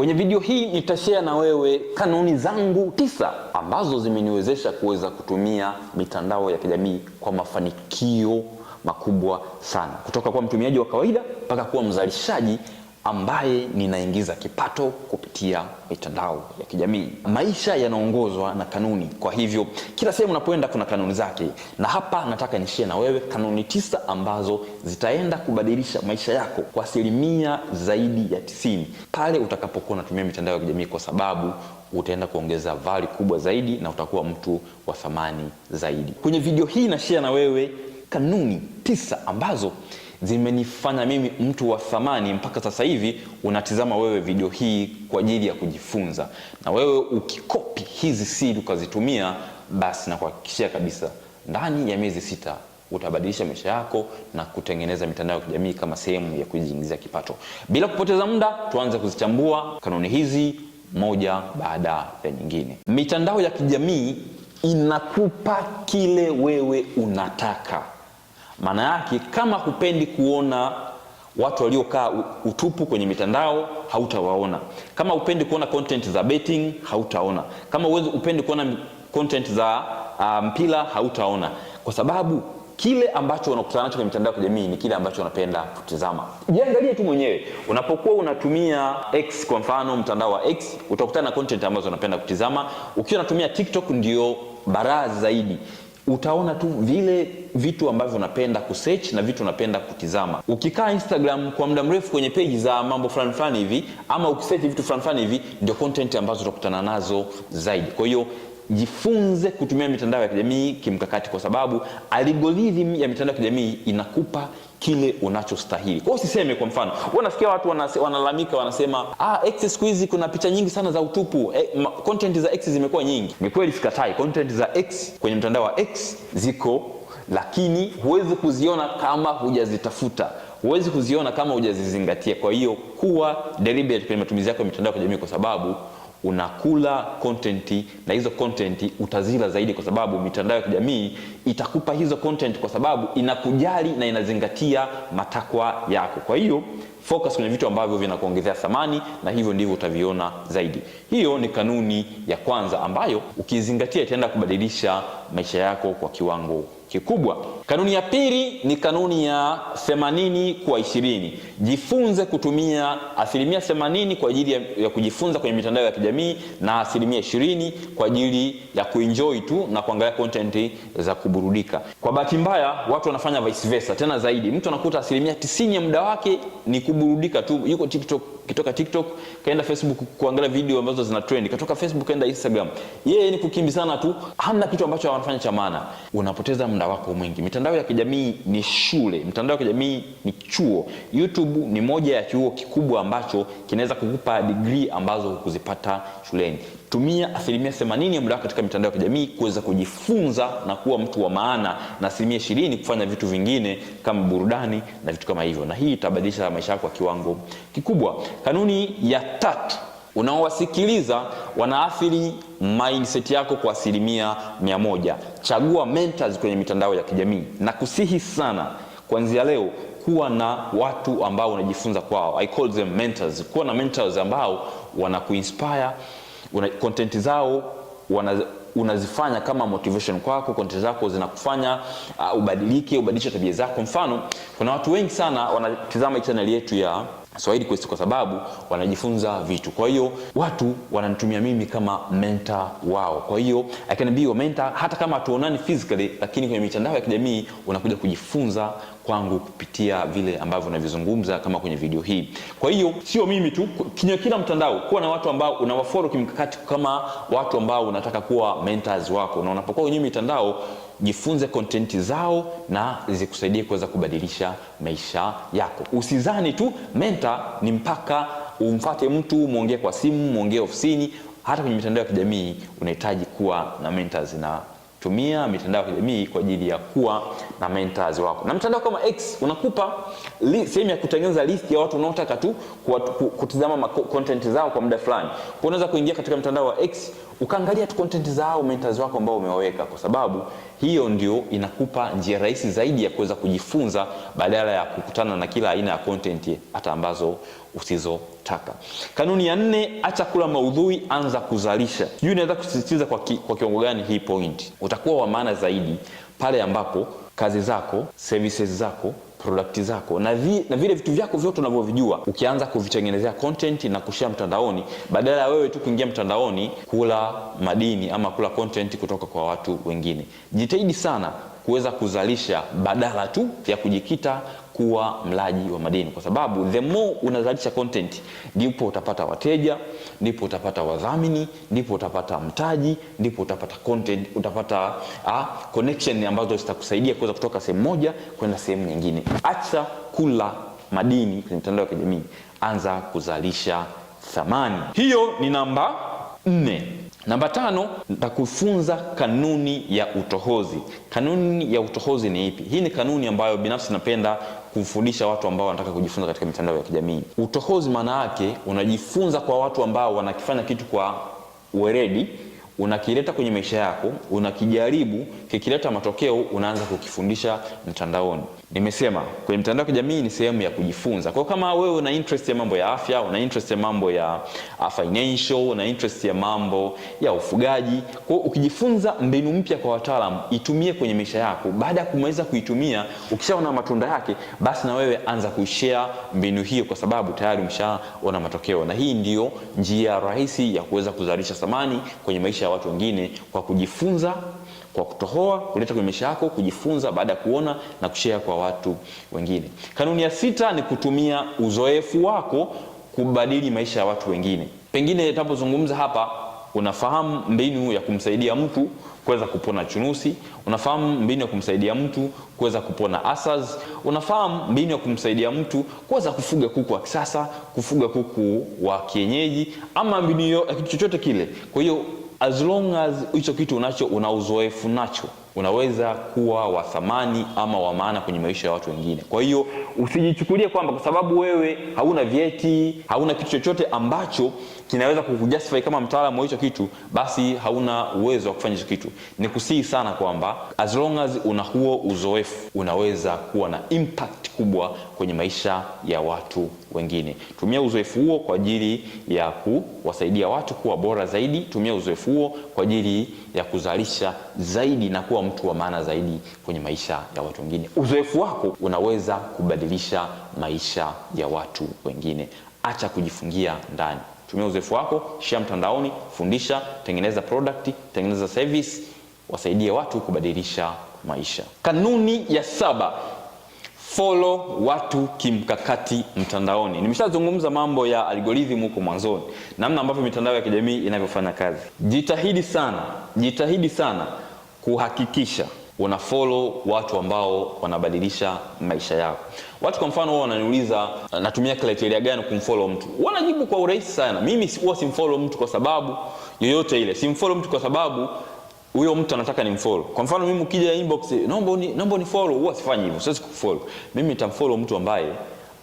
Kwenye video hii nitashare na wewe kanuni zangu tisa ambazo zimeniwezesha kuweza kutumia mitandao ya kijamii kwa mafanikio makubwa sana, kutoka kwa mtumiaji wa kawaida mpaka kuwa mzalishaji ambaye ninaingiza kipato kupitia mitandao ya kijamii. Maisha yanaongozwa na kanuni, kwa hivyo kila sehemu unapoenda kuna kanuni zake, na hapa nataka nishie na wewe kanuni tisa ambazo zitaenda kubadilisha maisha yako kwa asilimia zaidi ya tisini pale utakapokuwa unatumia mitandao ya kijamii, kwa sababu utaenda kuongeza vali kubwa zaidi na utakuwa mtu wa thamani zaidi. Kwenye video hii nashia na wewe kanuni tisa ambazo zimenifanya mimi mtu wa thamani mpaka sasa hivi unatizama wewe video hii kwa ajili ya kujifunza. Na wewe ukikopi hizi siri ukazitumia, basi nakuhakikishia kabisa ndani ya miezi sita utabadilisha maisha yako na kutengeneza mitandao ya kijamii kama sehemu ya kujiingizia kipato. Bila kupoteza muda, tuanze kuzichambua kanuni hizi moja baada ya nyingine. Mitandao ya kijamii inakupa kile wewe unataka. Maana yake kama hupendi kuona watu waliokaa utupu kwenye mitandao hautawaona. Kama upendi kuona content za betting hautaona. Kama upendi kuona content za ah, mpira hautaona, kwa sababu kile ambacho wanakutana nacho kwenye mitandao ya kijamii ni kile ambacho wanapenda kutizama. Jiangalie tu mwenyewe unapokuwa unatumia X kwa mfano, mtandao wa X utakutana na content ambazo wanapenda kutizama. Ukiwa unatumia TikTok ndio baraza zaidi utaona tu vile vitu ambavyo unapenda kusearch na vitu unapenda kutizama. Ukikaa Instagram kwa muda mrefu kwenye peji za mambo fulani fulani hivi ama ukisearch vitu fulani fulani hivi, ndio content ambazo utakutana nazo zaidi. Kwa hiyo jifunze kutumia mitandao ya kijamii kimkakati, kwa sababu algorithm ya mitandao ya kijamii inakupa kile unachostahili. Kwa usiseme, kwa mfano wewe unasikia watu wanalalamika, wanasema ah, X siku hizi kuna picha nyingi sana za utupu e, ma, content za X zimekuwa nyingi. Ni kweli, sikatai content za X kwenye mtandao wa X ziko, lakini huwezi kuziona kama hujazitafuta huwezi kuziona kama hujazizingatia. Kwa hiyo kuwa deliberate kwenye matumizi yako ya mitandao ya kijamii kwa sababu unakula kontenti na hizo kontenti utazila zaidi, kwa sababu mitandao ya kijamii itakupa hizo kontenti, kwa sababu inakujali na inazingatia matakwa yako. Kwa hiyo focus kwenye vitu ambavyo vinakuongezea thamani, na hivyo ndivyo utaviona zaidi. Hiyo ni kanuni ya kwanza ambayo ukizingatia itaenda kubadilisha maisha yako kwa kiwango kikubwa. Kanuni ya pili ni kanuni ya 80 kwa 20, jifunze kutumia asilimia 80 kwa ajili ya, ya kujifunza kwenye mitandao ya kijamii na asilimia 20 kwa ajili ya kuenjoy tu na kuangalia content za kuburudika. Kwa bahati mbaya watu wanafanya vice versa, tena zaidi, mtu anakuta asilimia 90 ya muda wake ni kuburudika tu, yuko TikTok Kitoka TikTok kaenda Facebook kuangalia video ambazo zina trend, katoka Facebook kaenda Instagram. Yeye ni kukimbizana tu, hamna kitu ambacho wanafanya cha maana. Unapoteza muda wako mwingi. Mitandao ya kijamii ni shule, mitandao ya kijamii ni chuo. YouTube ni moja ya chuo kikubwa ambacho kinaweza kukupa degree ambazo hukuzipata shuleni. Tumia asilimia 80 ya muda wako katika mitandao ya kijamii kuweza kujifunza na kuwa mtu wa maana, na asilimia ishirini kufanya vitu vingine kama burudani na vitu kama hivyo, na hii itabadilisha maisha yako kwa kiwango kikubwa. Kanuni ya tatu, unaowasikiliza wanaathiri mindset yako kwa asilimia mia moja. Chagua mentors kwenye mitandao ya kijamii na kusihi sana, kuanzia leo kuwa na watu ambao unajifunza kwao. I call them mentors. Kuwa na mentors ambao wanakuinspire una, zao wana, unazifanya kama motivation kwako, content zako zinakufanya uh, ubadilike, ubadilishe tabia zako. Mfano, kuna watu wengi sana wanatizama channel yetu ya Swahili Quest kwa sababu wanajifunza vitu. Kwa hiyo watu wananitumia mimi kama mentor wao. Kwa hiyo I can be your mentor hata kama hatuonani physically, lakini kwenye mitandao ya kijamii unakuja kujifunza kwangu kupitia vile ambavyo unavizungumza kama kwenye video hii. Kwa hiyo sio mimi tu, kwenye kila mtandao kuwa na watu ambao unawafollow kimkakati kama watu ambao unataka kuwa mentors wako, na unapokuwa kwenye mitandao jifunze kontenti zao na zikusaidie kuweza kubadilisha maisha yako. Usizani tu menta ni mpaka umfate mtu mwongee kwa simu, mwongee ofisini, hata kwenye mitandao ya kijamii unahitaji kuwa na mentors na tumia mitandao ya kijamii kwa ajili ya kuwa na mentors wako. Na mtandao kama X unakupa sehemu ya kutengeneza list ya watu unaotaka tu kutizama content zao kwa muda fulani. unaweza kuingia katika mtandao wa X ukaangalia tu content zao mentors wako ambao umewaweka, kwa sababu hiyo ndio inakupa njia rahisi zaidi ya kuweza kujifunza badala ya kukutana na kila aina ya content hata ambazo usizotaka. Kanuni ya nne, acha kula maudhui, anza kuzalisha. Sijui inaweza kusisitiza kwa, ki, kwa kiwango gani hii point. Utakuwa wa maana zaidi pale ambapo kazi zako, services zako product zako na, vi, na vile vitu vyako vyote unavyovijua ukianza kuvitengenezea content na kushia mtandaoni, badala ya wewe tu kuingia mtandaoni kula madini ama kula content kutoka kwa watu wengine. Jitahidi sana kuweza kuzalisha badala tu ya kujikita kuwa mlaji wa madini, kwa sababu the more unazalisha content ndipo utapata wateja, ndipo utapata wadhamini, ndipo utapata mtaji, ndipo utapata content, utapata a, ah, connection ambazo zitakusaidia kuweza kutoka sehemu moja kwenda sehemu nyingine. Acha kula madini kwenye mitandao ya kijamii, anza kuzalisha thamani. Hiyo ni namba nne. Namba tano, nitakufunza kanuni ya utohozi. Kanuni ya utohozi ni ipi? Hii ni kanuni ambayo binafsi napenda kumfundisha watu ambao wanataka kujifunza katika mitandao ya kijamii. Utohozi maana yake unajifunza kwa watu ambao wanakifanya kitu kwa weredi unakileta kwenye maisha yako, unakijaribu, kikileta matokeo unaanza kukifundisha mtandaoni. Nimesema kwenye mtandao ya kijamii ni sehemu ya kujifunza. Kwa kama wewe una interest ya mambo ya afya, una interest ya mambo ya uh, financial, una interest ya mambo ya ufugaji, kwa ukijifunza mbinu mpya kwa wataalamu, itumie kwenye maisha yako. Baada ya kumaliza kuitumia, ukishaona matunda yake, basi na wewe anza kuishare mbinu hiyo, kwa sababu tayari umeshaona matokeo, na hii ndiyo njia rahisi ya kuweza kuzalisha thamani kwenye maisha watu wengine kwa kujifunza kwa kutohoa, kuleta kwenye maisha yako, kujifunza baada ya kuona na kushea kwa watu wengine. Kanuni ya sita ni kutumia uzoefu wako kubadili maisha ya watu wengine. Pengine tunapozungumza hapa, unafahamu mbinu ya kumsaidia mtu kuweza kupona chunusi, unafahamu mbinu ya kumsaidia mtu kuweza kupona asas, unafahamu mbinu ya kumsaidia mtu kuweza kufuga kuku wa kisasa, kufuga kuku wa kienyeji, ama mbinu ya kitu chochote kile. Kwa hiyo as long as hicho kitu unacho una uzoefu nacho unaweza kuwa wa thamani ama wa maana kwenye maisha ya watu wengine. Kwa hiyo usijichukulie kwamba kwa sababu wewe hauna vyeti, hauna kitu chochote ambacho kinaweza kukujustify kama mtaalamu wa hicho kitu, basi hauna uwezo wa kufanya hicho kitu. Ni kusihi sana kwamba as long as una huo uzoefu, unaweza kuwa na impact kubwa kwenye maisha ya watu wengine. Tumia uzoefu huo kwa ajili ya kuwasaidia watu kuwa bora zaidi. Tumia uzoefu huo kwa ajili ya kuzalisha zaidi na kuwa kuwa mtu wa maana zaidi kwenye maisha ya watu wengine. Uzoefu wako unaweza kubadilisha maisha ya watu wengine. Acha kujifungia ndani, tumia uzoefu wako, shia mtandaoni, fundisha, tengeneza product, tengeneza service, wasaidie watu kubadilisha maisha. Kanuni ya saba Follow watu kimkakati mtandaoni. Nimeshazungumza mambo ya algorithm huko mwanzoni, namna ambavyo mitandao ya kijamii inavyofanya kazi. Jitahidi sana, jitahidi sana kuhakikisha una follow watu ambao wanabadilisha maisha yao. Watu kwa mfano wao wananiuliza eh, natumia criteria gani kumfollow mtu, wanajibu kwa urahisi sana. Mimi huwa simfollow mtu kwa sababu yoyote ile, simfollow mtu kwa sababu huyo mtu anataka nimfollow. Kwa mfano mimi ukija inbox, naomba ni naomba ni follow, huwa sifanyi hivyo, siwezi kufollow. Mimi nitamfollow mtu ambaye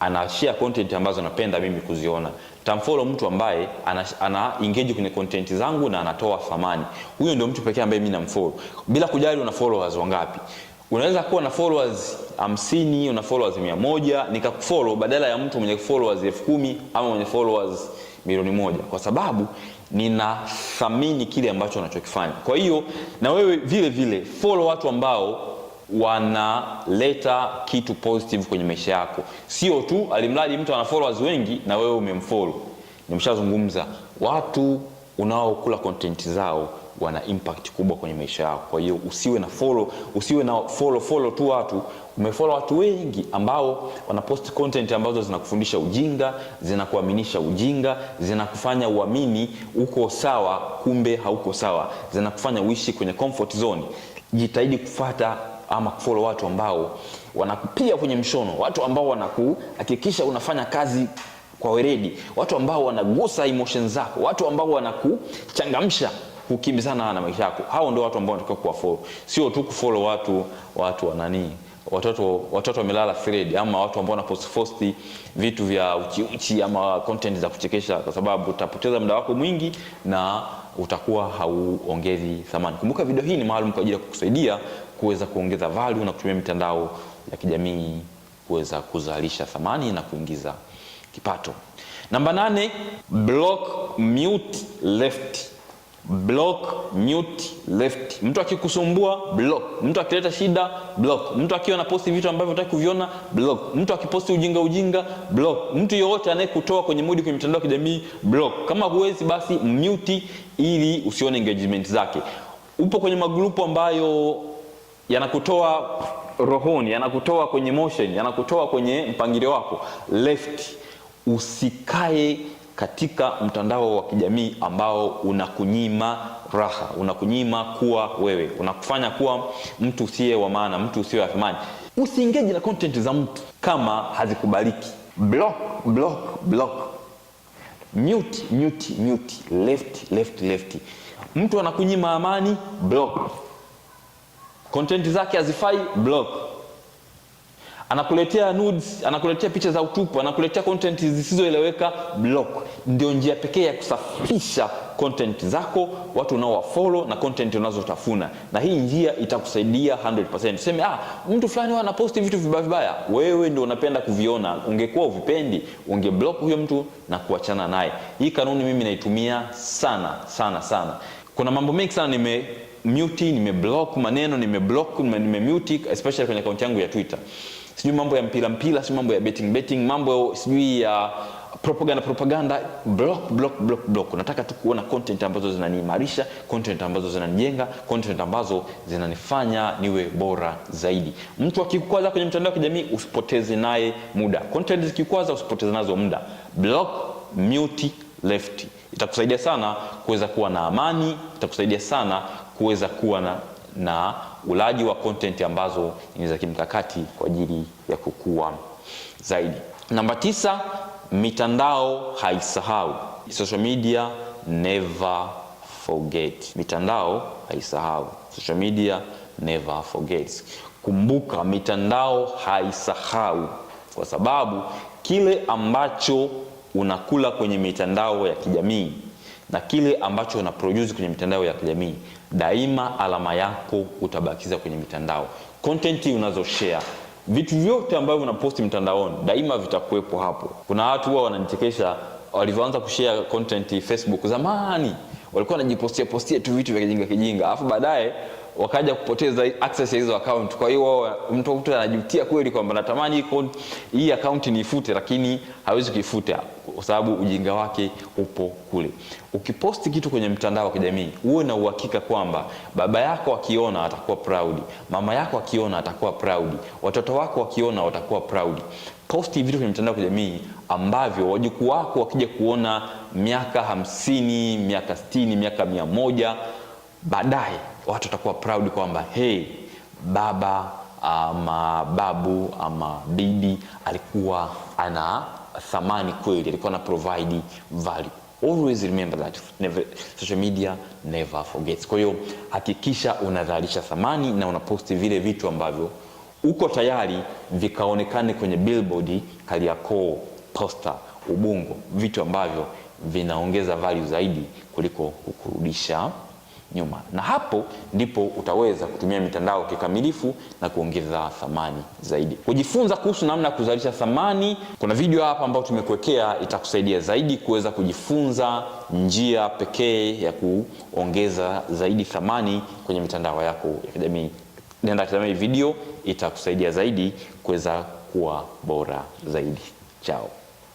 anashare content ambazo napenda mimi kuziona. Tamfollow mtu ambaye ana, ana engage kwenye content zangu na anatoa thamani. Huyo ndio mtu pekee ambaye mimi namfollow. Bila kujali una followers wangapi. Unaweza kuwa na followers hamsini, una followers mia moja, nikakufollow badala ya mtu mwenye followers elfu kumi ama mwenye followers milioni moja kwa sababu ninathamini kile ambacho unachokifanya. Kwa hiyo na wewe vile vile follow watu ambao wanaleta kitu positive kwenye maisha yako, sio tu alimradi mtu ana followers wengi na wewe umemfollow. Nimeshazungumza, watu unaokula content zao wana impact kubwa kwenye maisha yako. Kwa hiyo usiwe na follow, usiwe na follow follow tu watu. Umefollow watu wengi ambao wanapost content ambazo zinakufundisha ujinga, zinakuaminisha ujinga, zinakufanya uamini uko sawa, kumbe hauko sawa, zinakufanya uishi kwenye comfort zone. Jitahidi kufata ama kufollow watu ambao wanakupia kwenye mshono, watu ambao wanakuhakikisha unafanya kazi kwa weredi, watu ambao wanagusa emotions zako, watu ambao wanakuchangamsha kukimbizana na maisha yako. Hao ndio watu ambao wanatakiwa kuwafollow, sio tu kufollow watu watu wa nani watoto watoto wamelala thread ama watu ambao wanaposti vitu vya uchi uchi ama content za kuchekesha, kwa sababu utapoteza muda wako mwingi na utakuwa hauongezi thamani. Kumbuka video hii ni maalum kwa ajili ya kukusaidia kuweza kuongeza value na kutumia mitandao ya kijamii kuweza kuzalisha thamani na kuingiza kipato. Namba nane, block mute left. Block mute left. Mtu akikusumbua block, mtu akileta shida block, mtu akiwa na posti vitu ambavyo unataka kuviona block, mtu akiposti ujinga ujinga block, mtu yeyote anayekutoa kwenye mudi kwenye mitandao ya kijamii block. Kama huwezi basi mute, ili usione engagement zake. Upo kwenye magrupu ambayo yanakutoa rohoni, yanakutoa kwenye motion, yanakutoa kwenye mpangilio wako left. Usikae katika mtandao wa kijamii ambao unakunyima raha, unakunyima kuwa wewe, unakufanya kuwa mtu usiye wa maana, mtu usiye wa thamani. Usiingeje na content za mtu kama hazikubaliki. Block, block, block. Mute, mute, mute. Left, left, left. Mtu anakunyima amani, block content zake hazifai, block. Anakuletea nudes, anakuletea picha za utupu, anakuletea content zisizoeleweka, block. Ndio njia pekee ya kusafisha content zako, watu unaowafollow na content unazotafuna, na hii njia itakusaidia 100%. Useme ah, mtu fulani anaposti vitu vibaya vibaya, wewe ndio unapenda kuviona. Ungekuwa uvipendi, ungeblock huyo mtu na kuachana naye. Hii kanuni mimi naitumia sana sana sana. Kuna mambo mengi sana nime nimemute, nimeblock maneno, nimeblock, nimemute especially kwenye akaunti yangu ya Twitter. Sijui mambo ya mpira mpira, sijui mambo ya betting betting, mambo sijui ya propaganda propaganda, block block block block. Nataka tu kuona content ambazo zinaniimarisha, content ambazo zinanijenga, content ambazo zinanifanya niwe bora zaidi. Mtu akikwaza kwenye mtandao wa kijamii usipoteze naye muda, content zikikwaza usipoteze nazo muda. Block, mute, left itakusaidia sana kuweza kuwa na amani, itakusaidia sana kuweza kuwa na, na ulaji wa content ambazo ni za kimkakati kwa ajili ya kukua zaidi. Namba tisa, mitandao haisahau. Social media never forget. Mitandao haisahau. Social media never forgets. Kumbuka, mitandao haisahau, kwa sababu kile ambacho unakula kwenye mitandao ya kijamii na kile ambacho una produce kwenye mitandao ya kijamii, daima alama yako utabakiza kwenye mitandao. Content unazo share vitu vyote ambavyo unaposti mtandaoni daima vitakuwepo hapo. Kuna watu huwa wananichekesha walivyoanza kushare content Facebook. Zamani walikuwa wanajipostia postia tu vitu vya kijinga kijinga, alafu baadaye wakaja kupoteza access ya hizo account. Kwa hiyo mtu anajutia kweli kwamba natamani hii account niifute, lakini hawezi kuifuta kwa sababu ujinga wake upo kule. Ukiposti kitu kwenye mtandao wa kijamii, uwe na uhakika kwamba baba yako akiona atakuwa proud, mama yako akiona atakuwa proud, watoto wako wakiona watakuwa proud. Posti vitu kwenye mtandao wa kijamii ambavyo wajukuu wako wakija kuona miaka hamsini, miaka sitini, miaka mia moja baadaye watu watakuwa proud kwamba hey, baba ama babu ama bibi alikuwa ana thamani kweli, alikuwa ana provide value. Always remember that never, social media never forgets. Kwa hiyo hakikisha unadharisha thamani na unaposti vile vitu ambavyo uko tayari vikaonekane kwenye billboard, Kariakoo, posta, Ubungo, vitu ambavyo vinaongeza value zaidi kuliko kukurudisha nyuma, na hapo ndipo utaweza kutumia mitandao kikamilifu na kuongeza thamani zaidi. Kujifunza kuhusu namna ya kuzalisha thamani, kuna video hapa ambayo tumekuwekea, itakusaidia zaidi kuweza kujifunza njia pekee ya kuongeza zaidi thamani kwenye mitandao yako ya kijamii. Nenda kitazama hii video, itakusaidia zaidi kuweza kuwa bora zaidi. Chao.